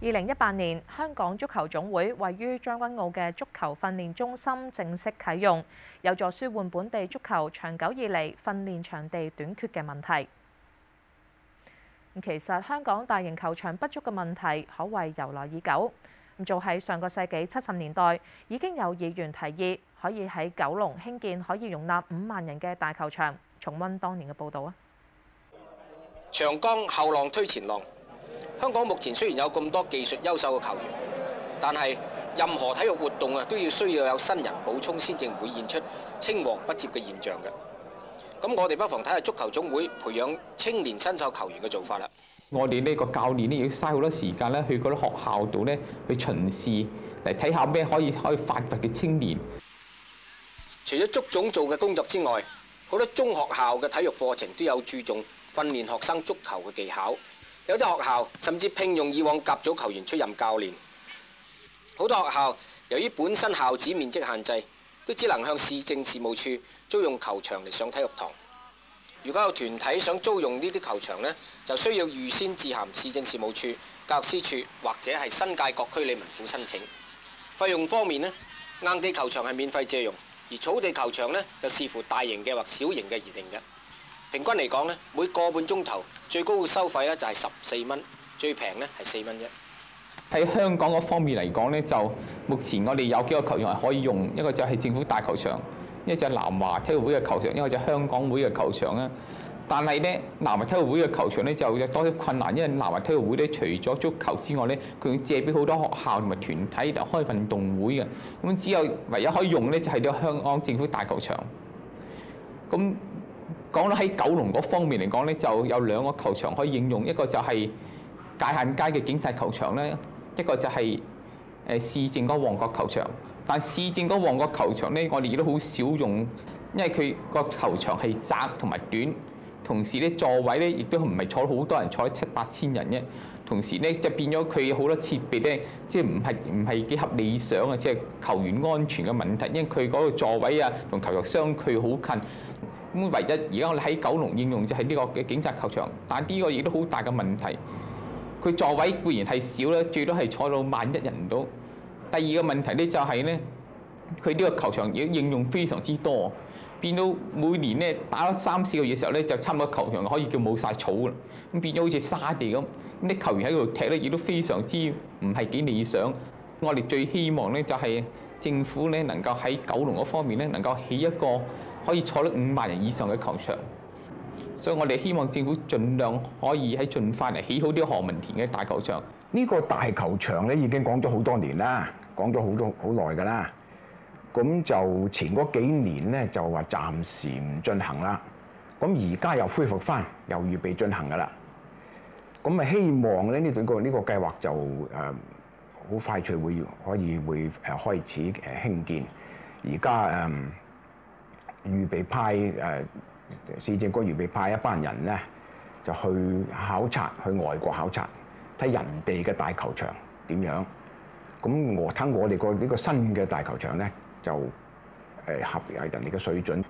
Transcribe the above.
二零一八年，香港足球總會位於將軍澳嘅足球訓練中心正式啟用，有助舒緩本地足球長久以嚟訓練場地短缺嘅問題。其實香港大型球場不足嘅問題，可謂由來已久。咁就喺上個世紀七十年代，已經有議員提議，可以喺九龍興建可以容納五萬人嘅大球場。重溫當年嘅報導啊！長江後浪推前浪。香港目前雖然有咁多技術優秀嘅球員，但係任何體育活動啊都要需要有新人補充先至會現出青黃不接嘅現象嘅。咁我哋不妨睇下足球總會培養青年新秀球員嘅做法啦。我哋呢個教練咧要嘥好多時間咧去嗰啲學校度咧去巡視嚟睇下咩可以可以發掘嘅青年。除咗足總做嘅工作之外，好多中學校嘅體育課程都有注重訓練學生足球嘅技巧。有啲學校甚至聘用以往甲組球員出任教練。好多學校由於本身校址面積限制，都只能向市政事務處租用球場嚟上體育堂。如果有團體想租用呢啲球場咧，就需要預先致函市政事務處、教育司處或者係新界各區理民府申請。費用方面咧，硬地球場係免費借用，而草地球場咧就視乎大型嘅或小型嘅而定嘅。平均嚟講咧，每個半鐘頭最高嘅收費咧就係十四蚊，最平咧係四蚊啫。喺香港嗰方面嚟講咧，就目前我哋有幾個球場可以用，一個就係政府大球場，一個就係南華體育會嘅球場，一個就係香港會嘅球場啊。但係咧，南華體育會嘅球場咧就有多啲困難，因為南華體育會咧除咗足球之外咧，佢借俾好多學校同埋團體嚟開運動會嘅。咁只有唯一可以用咧就係啲香港政府大球場。咁講到喺九龍嗰方面嚟講咧，就有兩個球場可以應用，一個就係界限街嘅警察球場咧，一個就係誒市政個旺角球場。但市政個旺角球場咧，我哋亦都好少用，因為佢個球場係窄同埋短，同時咧座位咧亦都唔係坐好多人，坐七八千人啫。同時咧就變咗佢好多設備咧，即係唔係唔係幾合理想啊！即係球員安全嘅問題，因為佢嗰個座位啊同球場相距好近。唯一而家我哋喺九龍應用就係呢個嘅警察球場，但係呢個亦都好大嘅問題。佢座位固然係少咧，最多係坐到萬一人到。第二個問題咧就係咧，佢呢個球場亦應用非常之多，變到每年咧打咗三四個月嘅時候咧，就差唔多球場可以叫冇晒草啦。咁變咗好似沙地咁。咁啲球員喺度踢咧亦都非常之唔係幾理想。我哋最希望咧就係政府咧能夠喺九龍嗰方面咧能夠起一個，可以坐得五萬人以上嘅球場，所以我哋希望政府儘量可以喺盡快嚟起好啲何文田嘅大球場。呢個大球場咧已經講咗好多年啦，講咗好多好耐㗎啦。咁就前嗰幾年咧就話暫時唔進行啦。咁而家又恢復翻，又預備進行㗎啦。咁咪希望咧、呢段、呢個呢、呢個計劃就誒好快脆會可以會誒開始誒興建。而家誒。預備派誒市政局預備派一班人咧，就去考察，去外國考察，睇人哋嘅大球場點樣。咁我睇我哋個呢個新嘅大球場咧，就誒合係人哋嘅水準。